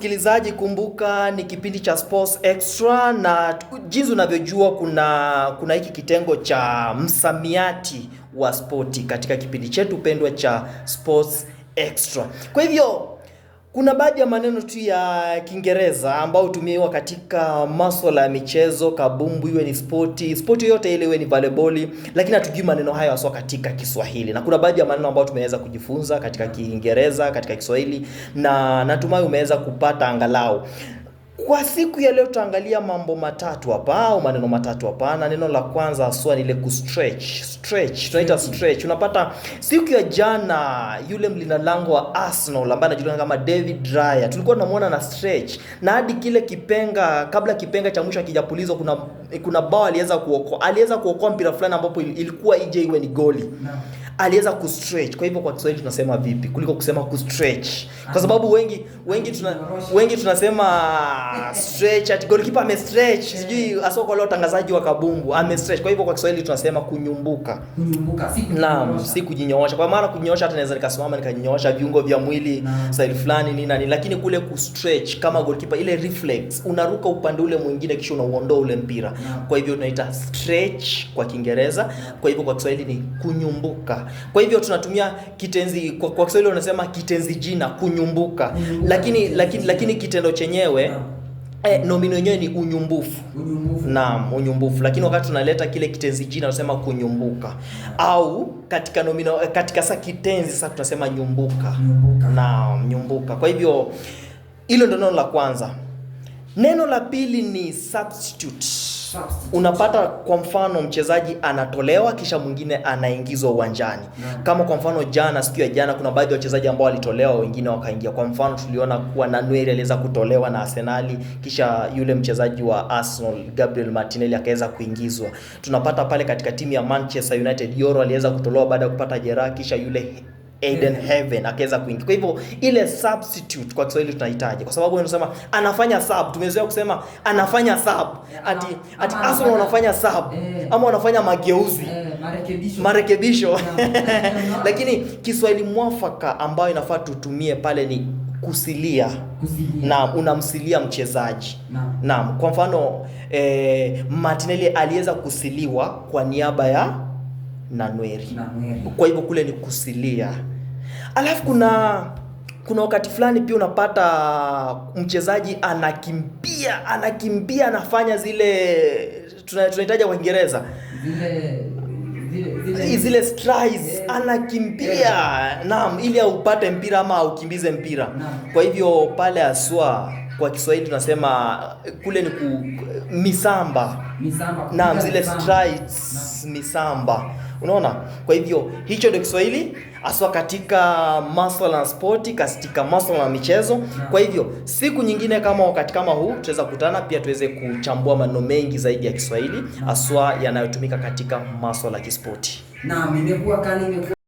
Msikilizaji, kumbuka ni kipindi cha Sports Extra, na jinsi unavyojua kuna kuna hiki kitengo cha msamiati wa spoti katika kipindi chetu pendwa cha Sports Extra. Kwa hivyo kuna baadhi ya maneno tu ya Kiingereza ambayo hutumiwa katika masuala ya michezo, kabumbu iwe ni spoti, spoti yoyote ile iwe ni volleyball, lakini hatujui maneno hayo haswa katika Kiswahili, na kuna baadhi ya maneno ambayo tumeweza kujifunza katika Kiingereza, katika Kiswahili, na natumai umeweza kupata angalau kwa siku ya leo tutaangalia mambo matatu hapa au maneno matatu hapa, na neno la kwanza haswa ni ile ku Stretch tunaita stretch. Unapata siku ya jana, yule mlinda lango wa Arsenal ambaye anajulikana kama David Raya tulikuwa tunamwona na stretch, na hadi kile kipenga, kabla kipenga cha mwisho akijapulizwa, kuna kuna bao aliweza kuokoa, aliweza kuokoa mpira fulani ambapo ilikuwa ije iwe ni goli no aliweza kustretch. Kwa hivyo kwa Kiswahili tunasema vipi kuliko kusema kustretch, kwa sababu wengi wengi tuna, wengi tunasema stretch at goalkeeper ame stretch, sijui aso kwa leo tangazaji wa kabumbu ame stretch. Kwa hivyo kwa Kiswahili tunasema kunyumbuka, kunyumbuka si naam, si kujinyoosha. Kwa maana kunyoosha, hata naweza nikasimama nikanyoosha viungo vya mwili style fulani ni nani, lakini kule kustretch kama goalkeeper, ile reflex unaruka upande ule mwingine kisha unauondoa ule mpira. Kwa hivyo tunaita stretch kwa Kiingereza. Kwa hivyo kwa Kiswahili ni kunyumbuka. Kwa hivyo tunatumia kitenzi kwa, kwa Kiswahili wanasema kitenzi jina kunyumbuka, lakini lakini, lakini kitendo chenyewe eh, nomino yenyewe ni unyumbufu. Unyumbufu. Naam, unyumbufu. Lakini wakati tunaleta kile kitenzi jina tunasema kunyumbuka. Au katika nomino eh, katika sa kitenzi sasa tunasema nyumbuka. Nyumbuka. Naam, nyumbuka. Kwa hivyo hilo ndio neno la kwanza. Neno la pili ni substitute unapata kwa mfano mchezaji anatolewa kisha mwingine anaingizwa uwanjani yeah. Kama kwa mfano jana, siku ya jana, kuna baadhi ya wachezaji ambao walitolewa, wengine wakaingia. Kwa mfano tuliona kuwa Nanweri aliweza kutolewa na Arsenali, kisha yule mchezaji wa Arsenal Gabriel Martinelli akaweza kuingizwa. Tunapata pale katika timu ya Manchester United Yoro aliweza kutolewa baada ya kupata jeraha, kisha yule Eden Heaven akaweza kuingia. Kwa hivyo ile substitute kwa Kiswahili tunahitaji, kwa sababu unasema anafanya sub, tumezoea kusema anafanya sub ati ati Arsenal wanafanya sub ama wanafanya mageuzi marekebisho, marekebisho. lakini Kiswahili mwafaka ambayo inafaa tutumie pale ni kusilia, kusilia. Na unamsilia mchezaji naam, kwa mfano eh, Martinelli aliweza kusiliwa kwa niaba ya na Nweri, na Nweri. Kwa hivyo kule ni kusilia. Alafu kuna kuna wakati fulani pia unapata mchezaji anakimbia anakimbia anafanya zile tunahitaji kwa Kiingereza zile zile, zile strides anakimbia yeah. Naam, ili aupate mpira ama aukimbize mpira naam. Kwa hivyo pale aswa kwa Kiswahili tunasema kule ni ku, misamba, misamba. Naam, zile strides misamba, misamba. Unaona, kwa hivyo hicho ndio Kiswahili aswa katika masuala na spoti, katika masuala na michezo. Kwa hivyo siku nyingine kama wakati kama huu tutaweza kutana pia tuweze kuchambua maneno mengi zaidi ya Kiswahili aswa yanayotumika katika masuala ya kispoti. Naam, imekuwa kali.